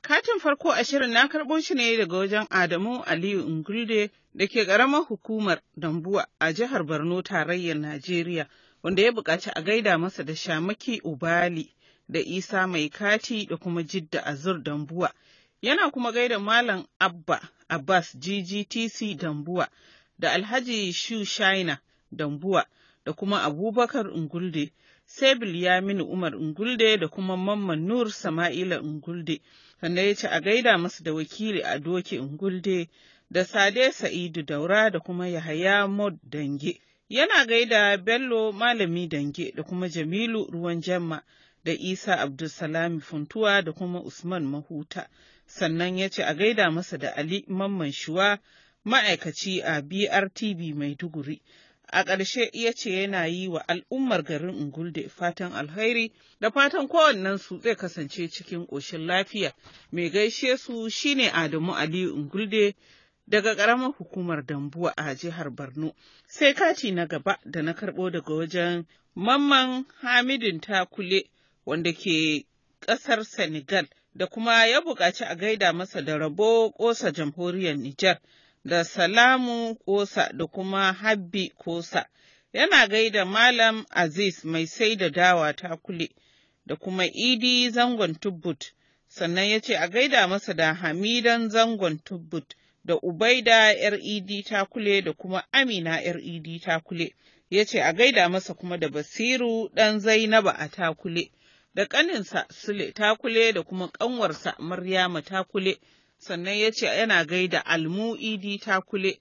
Katin farko a shirin na karɓo shi ne daga wajen Adamu Aliyu Ingulde da ke ƙaramar hukumar Dambuwa a jihar Borno tarayyar Najeriya wanda ya buƙaci a gaida masa da Shamaki Ubali da Isa Mai Kati da kuma Jidda Azur Dambuwa. Yana kuma gaida Malam Abba Abbas GGTC Dambuwa da Alhaji Shu Shaina Dambuwa da kuma Abubakar Ingulde. Sebil Yaminu Umar Ingulde da kuma Mamman Nur Sama'ila Ingulde. sannan ya ce a gaida masa da wakili a doki ingulde da sade sa'idu daura da kuma yahaya mod dange yana gaida bello malami dange da kuma jamilu ruwan jamma da isa abdulsalami funtuwa da kuma usman mahuta sannan ya ce a gaida masa da ali mamman shuwa ma'aikaci a brtb maiduguri A ƙarshe iya ce yana yi wa al'ummar garin Ungulde fatan alhairi da fatan su zai kasance cikin ƙoshin lafiya. Mai gaishe su shine Adamu Aliyu Ungulde daga ƙaramar hukumar Dambuwa a jihar Borno. Sai kati na gaba da na karɓo daga wajen Mamman Hamidin Takule wanda ke ƙasar Senegal da kuma ya buƙaci a gaida masa da rabo ƙosa jamhuriyar Nijar. da Salamu Kosa da kuma Habbi Kosa. Yana gaida Malam Aziz mai sai da dawa ta kule da kuma Idi zangon tubbut, sannan ya ce a gaida masa da Hamidan zangon tubbut da Ubaida ‘yar Idi ta kule da kuma Amina ‘yar Idi ta kule. Ya ce a gaida masa kuma da Basiru ɗan Zainaba a ta kule da ƙaninsa Sule ta kule da kuma ƙanwarsa Maryama ta kule. sannan ya ce yana gaida almu'idi kule,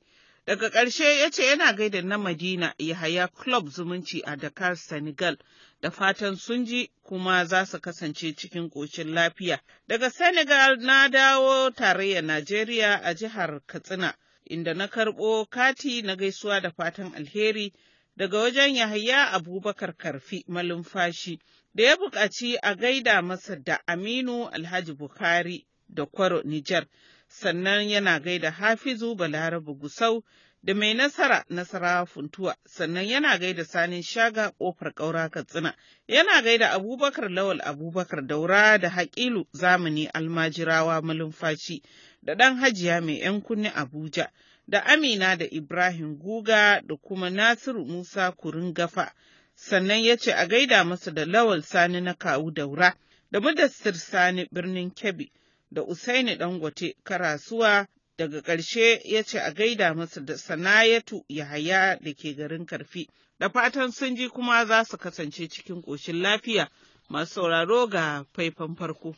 Daga ƙarshe ya ce yana gaida na Madina Yahaya Club Zumunci a Dakar, Senegal, da fatan sun ji kuma za su kasance cikin ƙoshin lafiya. Daga Senegal na dawo tarayyar Najeriya a jihar Katsina, inda na karɓo kati na gaisuwa da fatan alheri daga wajen Yahaya Abubakar Karfi malumfashi, da ya buƙaci a gaida masa da Aminu Alhaji Bukari. da Kwaro Nijar, sannan yana gaida Hafizu Balarabe Gusau da mai nasara nasara funtuwa sannan yana gaida sanin shaga ƙofar ƙaura katsina yana gaida abubakar lawal abubakar daura da haƙilu zamani almajirawa malumfashi da ɗan hajiya mai yan kunni abuja da amina da ibrahim guga da kuma nasiru musa Kurun-Gafa sannan ya ce a gaida masa da lawal sani na kawu daura da sani birnin kebbi da Usaini Dangote Karasuwa daga ƙarshe ya ce a gaida masa da sanayatu haya da ke garin Karfi. Da fatan sun ji kuma za su kasance cikin ƙoshin lafiya masu sauraro ga faifan farko.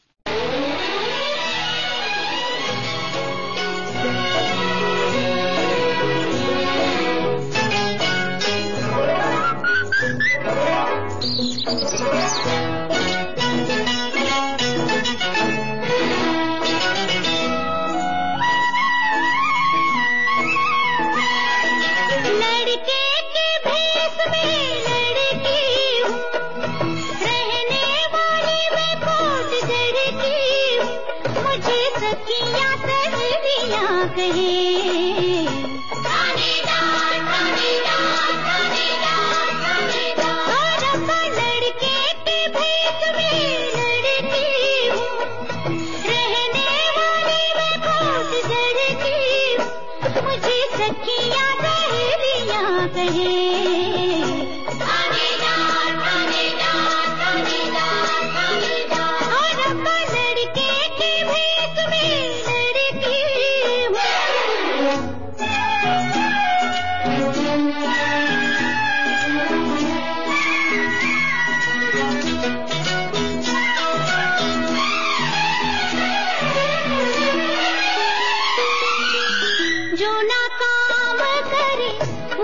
कहे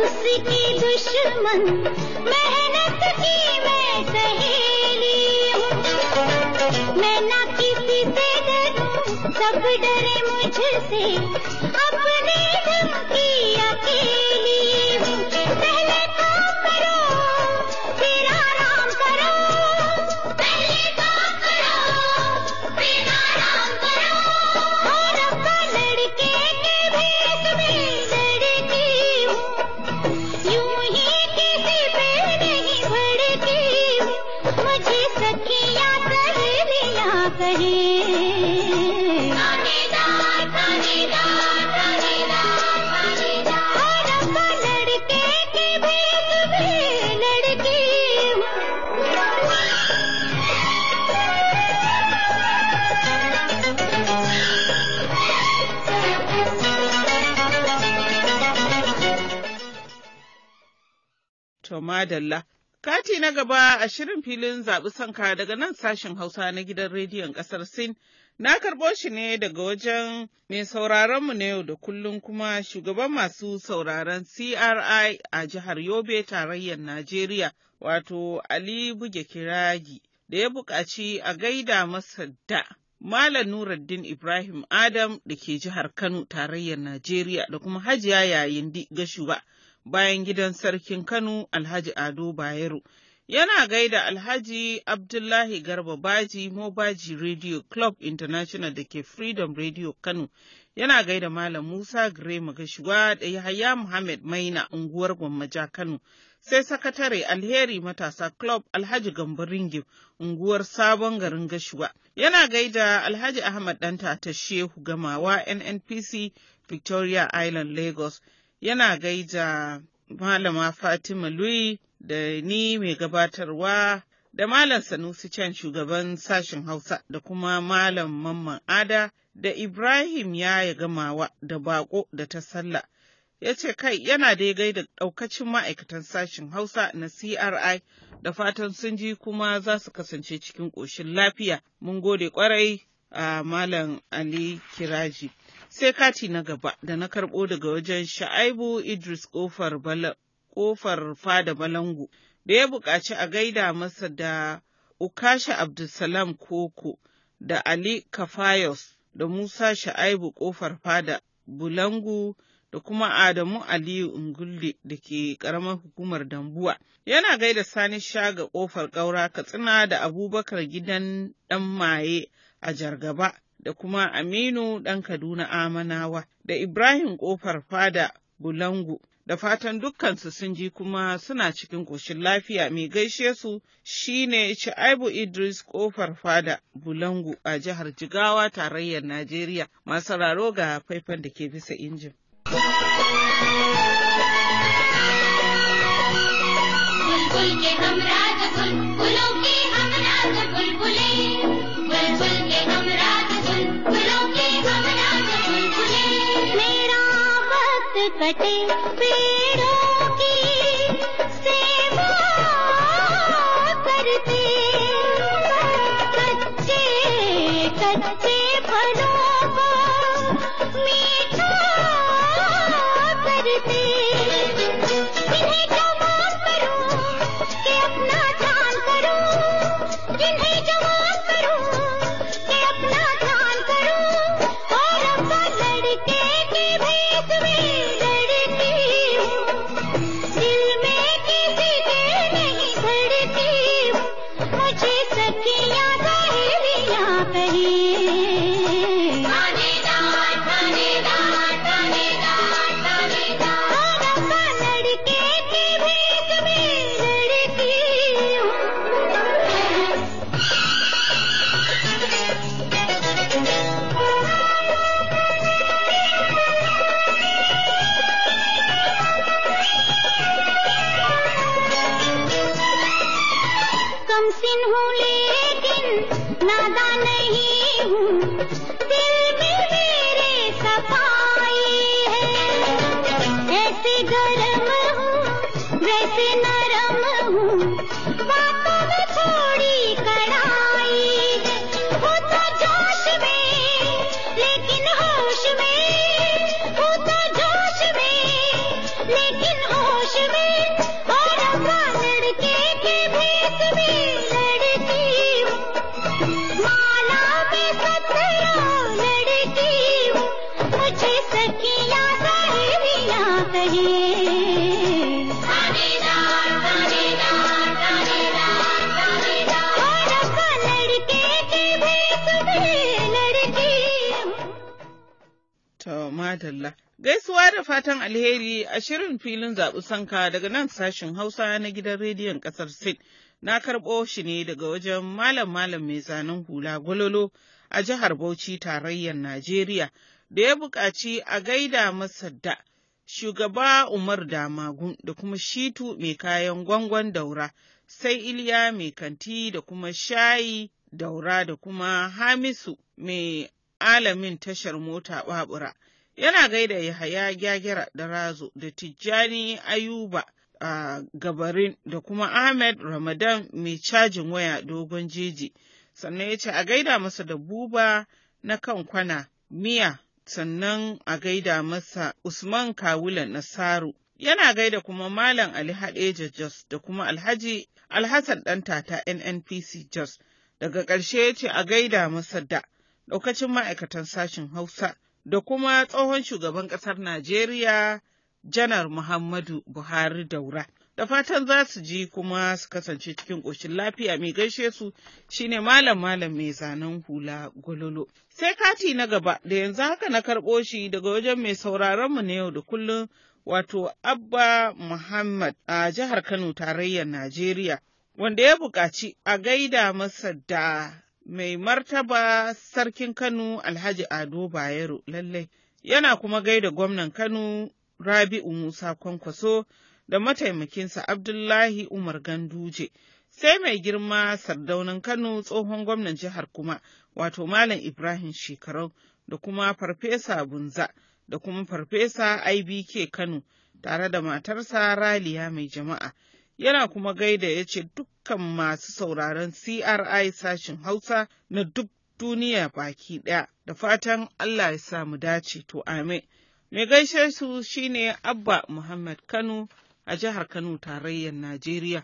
उसकी दुश्मन मेहनत की मैं सहेली हूँ मैं ना किसी से डरूं सब डरे मुझसे To madalla. Kati na gaba a shirin filin zaɓi sanka daga nan sashen Hausa na gidan rediyon ƙasar Sin. Na karɓo shi ne daga wajen mai sauraronmu na yau da kullum kuma shugaban masu sauraron CRI a jihar Yobe tarayyar Najeriya wato Ali Buge Kiragi da ya buƙaci a gaida masa da Malam Nuruddin Ibrahim Adam da ke jihar Kano tarayyar Najeriya da kuma Hajiya yayin di gashuba bayan gidan sarkin Kano Alhaji Ado Bayero. Yana gaida Alhaji Abdullahi Garba Baji Mobaji Radio Club International da ke Freedom Radio Kano. Yana gaida Malam Musa Gire Magashuwa da Yahaya Muhammad Maina unguwar Gwammaja Kano. Sai sakatare Alheri Matasa Club Alhaji Gambo Ringim unguwar Sabon Garin Gashuwa. Yana gaida Alhaji Ahmad Danta ta Shehu Gamawa NNPC Victoria Island Lagos. yana gaida Malama Fatima Lui da ni mai gabatarwa da Malam Sanusi Can shugaban sashen Hausa da kuma Malam Mamman Ada da Ibrahim ya yi gamawa da bako da ta sallah. Ya ce kai yana dai gaida ɗaukacin ma'aikatan sashen Hausa na CRI da fatan sun ji kuma za su kasance cikin ƙoshin lafiya. Mun gode ƙwarai a Malam Ali Kiraji. Sai kati na gaba da na karɓo daga wajen Sha'aibu Idris ƙofar fada Balangu da ya buƙaci a gaida masa da Ukasha Abdulsalam Koko da Ali Kafayos da Musa Sha'aibu ƙofar fada Bulangu da kuma Adamu Aliyu Ungulle da ke ƙaramar hukumar Dambuwa. Yana gaida Sani Shaga ƙofar ƙaura Katsina da Abubakar gidan ɗan maye a Jargaba da kuma Aminu ɗan Kaduna Amanawa da Ibrahim Ƙofar Fada Bulangu. Da fatan dukkansu sun ji kuma suna cikin ƙoshin lafiya mai gaishe su shine Sha'aibu Idris Ƙofar Fada Bulangu a jihar Jigawa tarayyar Najeriya. Masu raro ga faifan da ke bisa injin. Bulbul ke ఒకటే వేడా fatan alheri a shirin filin zaɓi sanka daga nan sashen Hausa na gidan rediyon ƙasar Sin. Na karɓo shi ne daga wajen malam malam mai zanen hula gwalolo a jihar Bauchi tarayyar Najeriya da ya buƙaci a gaida masa da shugaba Umar Damagun da kuma Shitu mai kayan gwangon daura sai Iliya mai kanti da kuma shayi daura da kuma Hamisu mai alamin tashar mota babura. yana gaida Yahaya Gyagyara da Razo da Tijjani Ayuba a gabarin da kuma Ahmed Ramadan mai cajin waya dogon jeji. Sannan ya ce a gaida masa da buba na kan kwana miya sannan a gaida masa Usman Kawula Nasaru. Yana gaida kuma Malam Ali Hadeja Jos da kuma Alhaji Alhassan ɗan tata NNPC Jos. Daga ƙarshe ya ce a gaida masa da ɗaukacin ma'aikatan sashen Hausa. da kuma tsohon shugaban ƙasar Najeriya Janar Muhammadu Buhari Daura. Da fatan za su ji kuma su kasance cikin ƙoshin lafiya mai gaishe su shine malam malam mai zanen hula gololo. Sai kati na gaba da yanzu haka na karɓo shi daga wajen mai sauraronmu na yau da kullum wato Abba Muhammad a jihar Kano tarayyar Najeriya. wanda ya buƙaci a gaida masa da mai martaba sarkin Kano Alhaji Ado Bayero lallai yana kuma gaida gwamnan Kano Rabi'u Musa Kwankwaso da mataimakinsa Abdullahi Umar Ganduje. Sai mai girma sardaunan Kano tsohon gwamnan jihar kuma wato Malam Ibrahim Shekarau da kuma Farfesa Bunza da kuma Farfesa IBK Kano tare da matarsa Raliya mai jama'a. yana kuma gaida ya ce dukkan masu sauraron CRI sashin Hausa na duk duniya baki ɗaya da fatan Allah ya samu dace to ame. Mai gaishe su shine Abba Muhammad Kano a jihar Kano tarayyar Najeriya.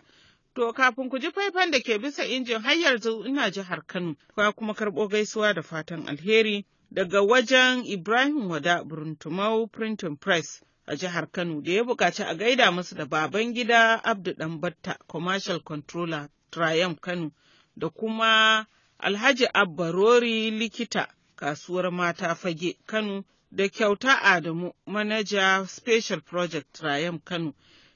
To kafin ku ji faifan da ke bisa injin har yanzu ina jihar Kano, kwa kuma karɓo gaisuwa da fatan alheri daga wajen Ibrahim Wada Burntumau Printing Press. a jihar Kano da ya buƙaci a gaida musu da baban gida Abdu Danbatta commercial controller Triumph Kano da kuma Alhaji Abbarori likita kasuwar mata fage Kano da kyauta Adamu manaja special project Triumph Kano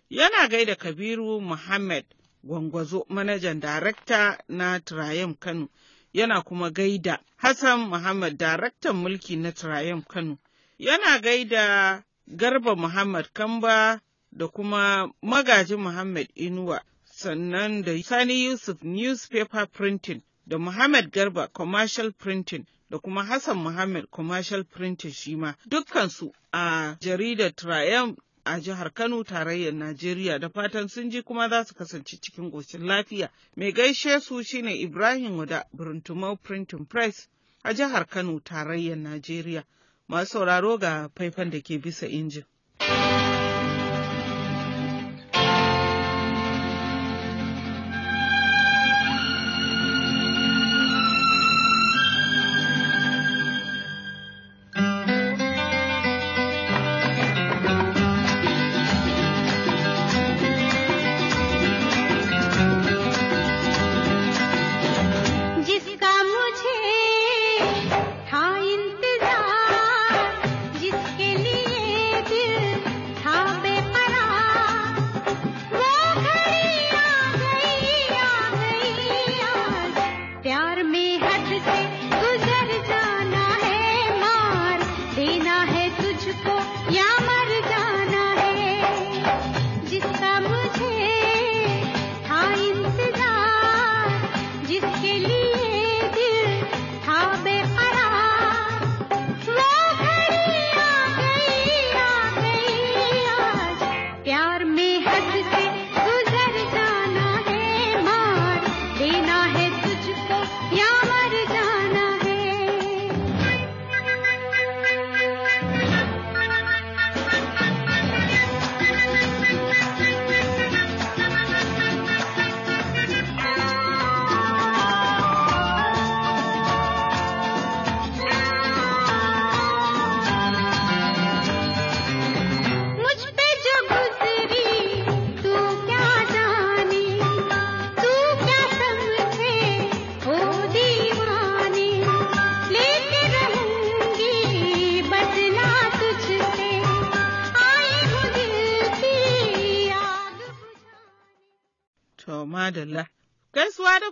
yana gaida Kabiru Muhammad Gwangwazo manajan darakta na Triumph Kano yana kuma gaida Hassan Muhammad daraktan mulki na Triumph Kano yana gaida Garba Muhammad Kamba da kuma Magaji Muhammad Inuwa, sannan da Sani Yusuf Newspaper Printing da Muhammad Garba Commercial Printing da kuma Hassan Muhammad Commercial Printing shi ma dukkansu a jaridar Triumph a jihar Kano tarayyar Najeriya da fatan sun ji kuma za su kasance cikin goshin lafiya. Mai gaishe su shine Ibrahim Wada Burntumau Printing Press a jihar Kano tarayyar Najeriya. masu sauraro ga faifan da ke bisa injin.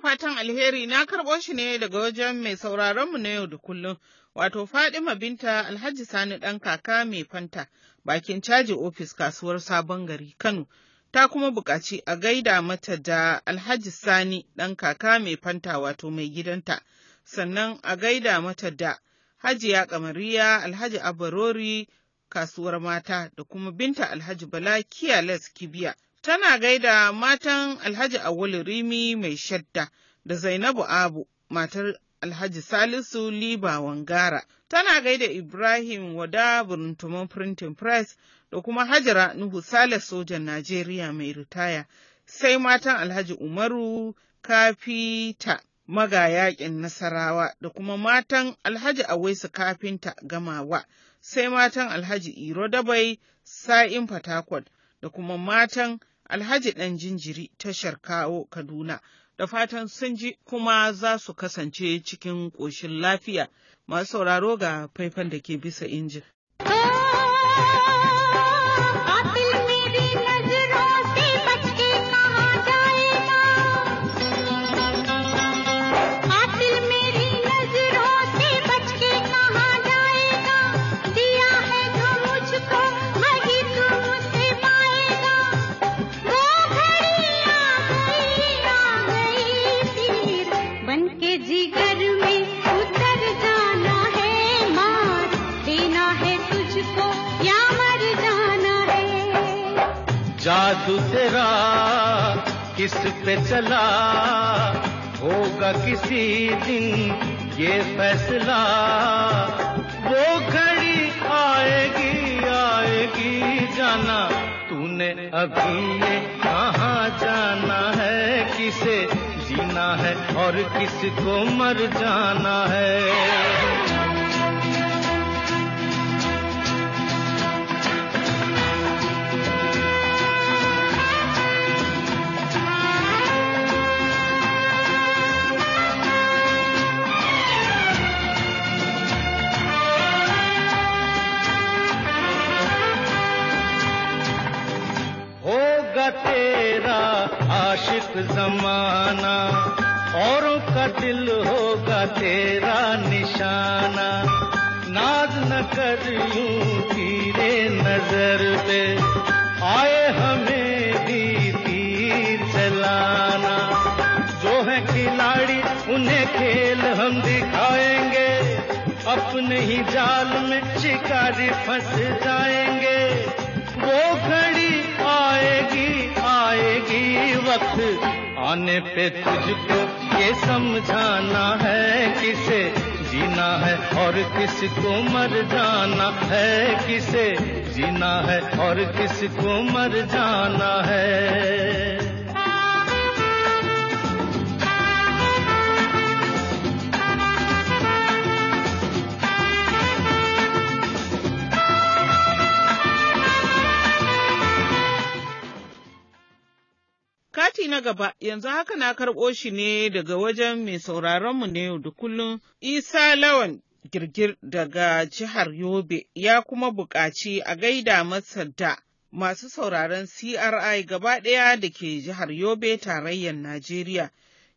fatan alheri na karɓo shi ne daga wajen mai sauraronmu na yau da kullum, wato Fadima Binta Alhaji Sani ɗan kaka mai fanta bakin caji ofis kasuwar Sabon Gari Kano. Ta kuma buƙaci a gaida mata da Alhaji Sani ɗan kaka mai fanta wato mai gidanta, sannan a gaida mata da Hajiya Kamariya Alhaji Abarori kasuwar mata da kuma binta Alhaji Bala Kiyales Kibiya tana gaida matan Alhaji Awul Rimi mai shadda da Zainabu Abu matar Alhaji Salisu Liba Wangara, tana gaida Ibrahim Wada Burntumin Printing Press da kuma Hajara Nuhu Sale Sojan Najeriya mai ritaya, sai matan Alhaji Umaru Kafita magayakin Nasarawa da kuma matan Alhaji Awaisu Kafinta Gamawa, sai matan Alhaji Iro Dabai Sa'in Fatakwal da kuma matan Alhaji ɗan jinjiri tashar kawo Kaduna da fatan sun ji kuma za su kasance cikin ƙoshin lafiya masu sauraro ga faifan da ke bisa injin. चला होगा किसी दिन ये फैसला वो घड़ी आएगी आएगी जाना तूने अभी ये कहाँ जाना है किसे जीना है और किसको मर जाना है का तेरा आशिक जमाना औरों का दिल होगा तेरा निशाना नाज न कर यू तीरे नजर पे आए हमें भी तीर चलाना जो है खिलाड़ी उन्हें खेल हम दिखाएंगे अपने ही जाल में शिकारी फंस जाएंगे वो खड़े वक्त आने पे तुझको ये समझाना है किसे जीना है और किसको मर जाना है किसे जीना है और किसको मर जाना है Kati na gaba yanzu haka na karɓo shi ne daga wajen mai sauraronmu ne, yau da kullum Isa Lawan girgir daga jihar Yobe ya kuma buƙaci a gaida masa da masu sauraron CRI gaba ɗaya da ke jihar Yobe tarayyar Najeriya.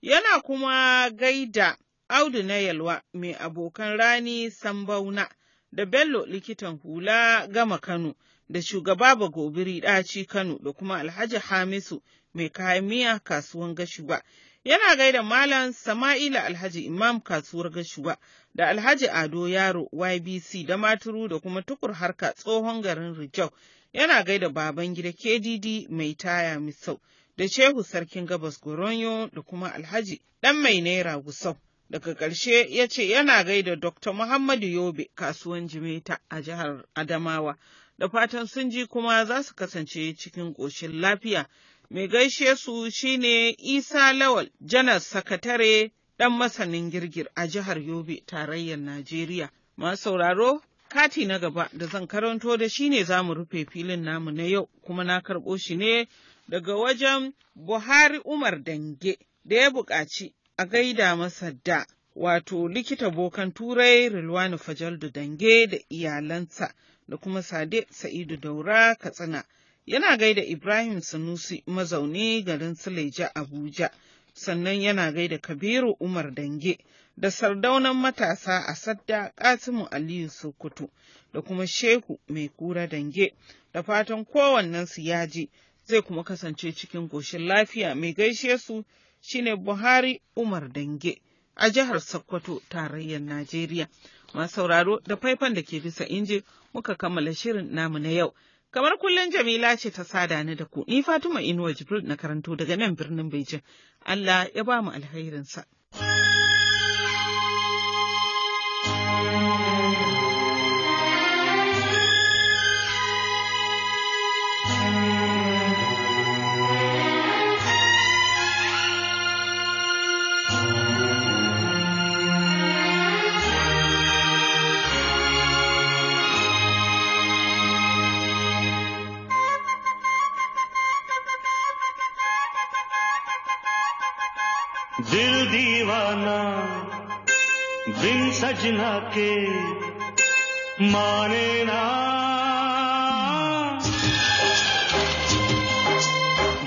Yana kuma gaida Audu na Yalwa mai abokan rani Sambauna da Bello likitan hula gama Kano da shugaba Bagobiri ɗaci Kano da kuma Alhaji Hamisu mai kayan miya kasuwan gashuwa. Yana gaida Malam Sama'ila Alhaji Imam kasuwar gashuwa da Alhaji Ado Yaro YBC da Maturu da kuma tukur harka tsohon garin Rijau. Yana gaida baban gida KDD mai taya misau da Shehu Sarkin Gabas Goronyo da kuma Alhaji Dan mai naira gusau. daga ƙarshe ya ce yana gaida Dr. Muhammadu Yobe kasuwan Jimeta a jihar Adamawa, da fatan sun ji kuma za su kasance cikin ƙoshin lafiya Mai gaishe su shine Isa Lawal, janar sakatare ɗan masanin girgir a jihar Yobe, tarayyar Najeriya. Masu sauraro, kati na gaba da zan karanto da shi ne za mu rufe filin namu na yau, kuma na karɓo shi ne daga wajen Buhari Umar Dange da ya buƙaci a gaida masa da wato likita bokan turai Rilwani Fajaldu Dange da iyalansa da kuma Sade Sa'idu Daura Katsina. yana gaida Ibrahim Sanusi mazaune garin Suleja Abuja, sannan yana gaida Kabiru Umar Dange da sardaunan matasa a Sadda ƙasimu Aliyu Sokoto da kuma Shehu Mai Kura Dange da fatan kowannensu ya yaji zai kuma kasance cikin goshin lafiya mai gaishe su shine Buhari Umar Dange a jihar Sokoto tarayyar Najeriya. Masu sauraro da faifan da ke bisa inji muka kammala shirin namu na yau. Kamar kullum Jamila ce ta sada ni da ku, ni Fatima Inuwa Jibril na karanto daga nan birnin Bejin. Allah ya ba mu alherinsa. दिल दीवाना बिन सजना के माने ना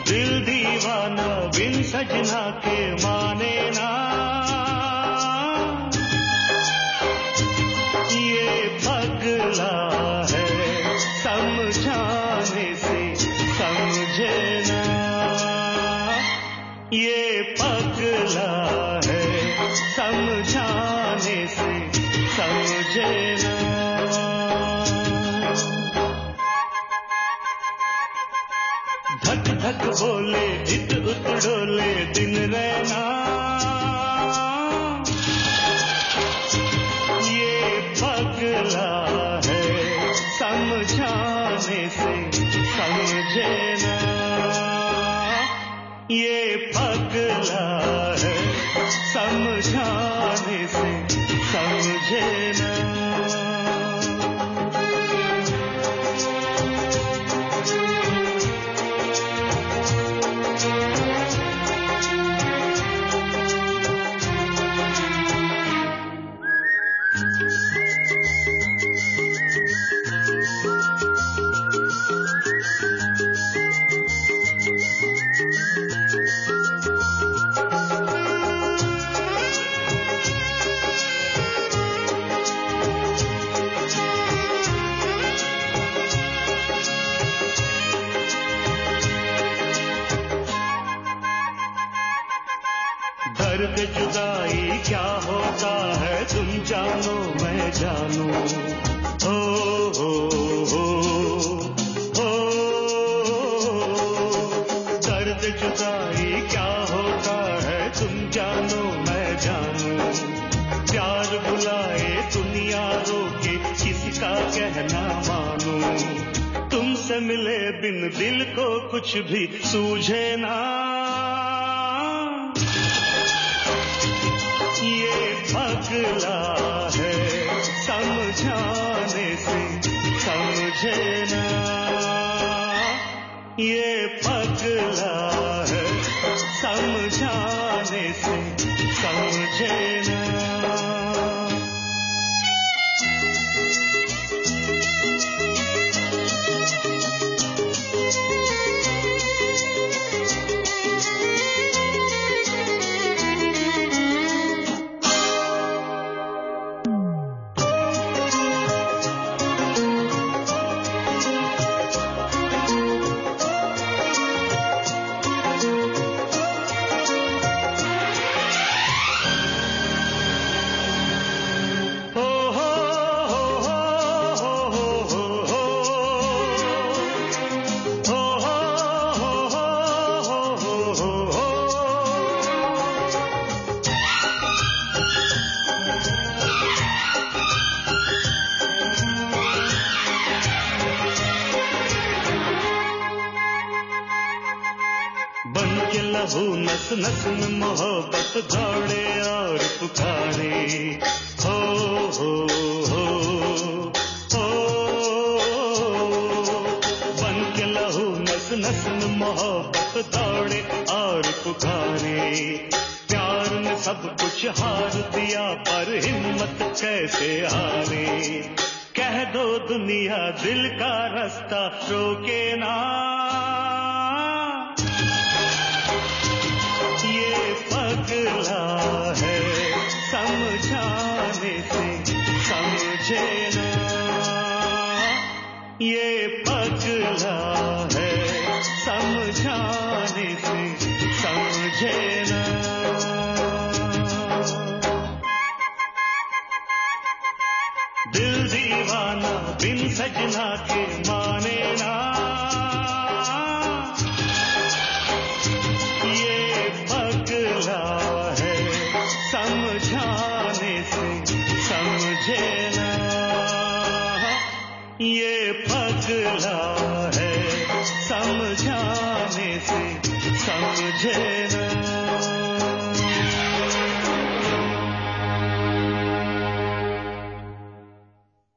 दिल दीवाना बिन सजना के माने बोले इत उतड़ो कुछ भी सूझे ना ये पगला है समझाने से समझे ना ये पगला है समझाने से समझे बस नगन मोहब्बत दौड़े और पुकारे हो हो हो हो बन के लहू नस नसन मोहब्बत दौड़े और पुकारे प्यार ने सब कुछ हार दिया पर हिम्मत कैसे हारे कह दो दुनिया दिल का रास्ता रोके ना